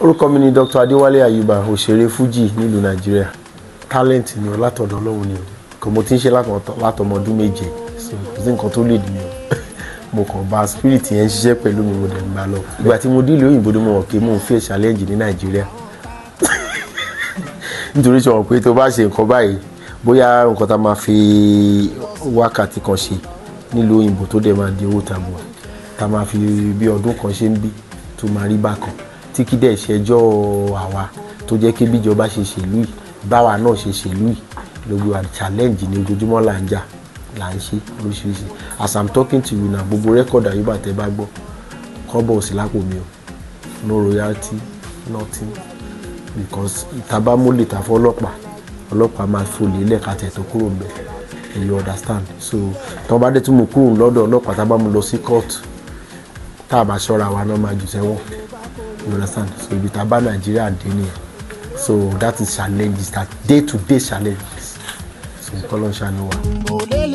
orúkọ mi ni Dr. Adéwálé Ayuba òṣèré fújì nílùú Nàìjíríà talent ni o látọ̀dọ̀ Ọlọ́run ni o kò mo ti ń ṣe látọmọ ọdún méje so kò sí nǹkan tó lè dì mí o mo kàn bá spirit yẹn ṣiṣẹ́ pẹ̀lú mi mo dẹ̀ ń bá lọ ìgbà tí mo dílé òyìnbó ni mo mọ̀ pé mo ń fẹ́ challenge ní Nàìjíríà nítorí sọ̀rọ̀ pé tó bá ṣe nǹkan báyìí bóyá nǹkan tá a máa fi wákàtí kan ṣe nílùú òyìnbó tó dẹ̀ máa di owó tàbùwà tá a máa fi bí ọdún kan ṣe ń bí tó máa rí bákan tí dẹ̀ ṣẹjọ́ àwa tó jẹ́ kí bíjọba ṣe ṣèlú yìí báwa náà ṣe ṣèlú yìí gbogbo challenge ni ojoojúmọ́ là ń jà là ń ṣe oríṣiríṣi as i'm talking to you na gbogbo rẹ́kọ̀dù àyíbá tẹ́ bá gbọ́ kọ́bọ̀ ò sí lápò mi o no royalty nothing because ìtabámúlẹ̀ ta fọ́ ọlọ́pàá ọlọ́pàá máa fò lélẹ̀ ká tẹ̀ tó kúrò mbẹ̀ you understand so tọ́ba dé tí mo kúrò lọ́dọ̀ ọlọ́pàá tábà mo lọ sí kóòtù tá a bá ṣọ́ra wa náà máa jù sẹ́wọ̀n you understand so ibi tá a bá nàìjíríà dé nìyẹn so that is challenges that day to day challenges so kọ́lọ́ ṣàánú wa.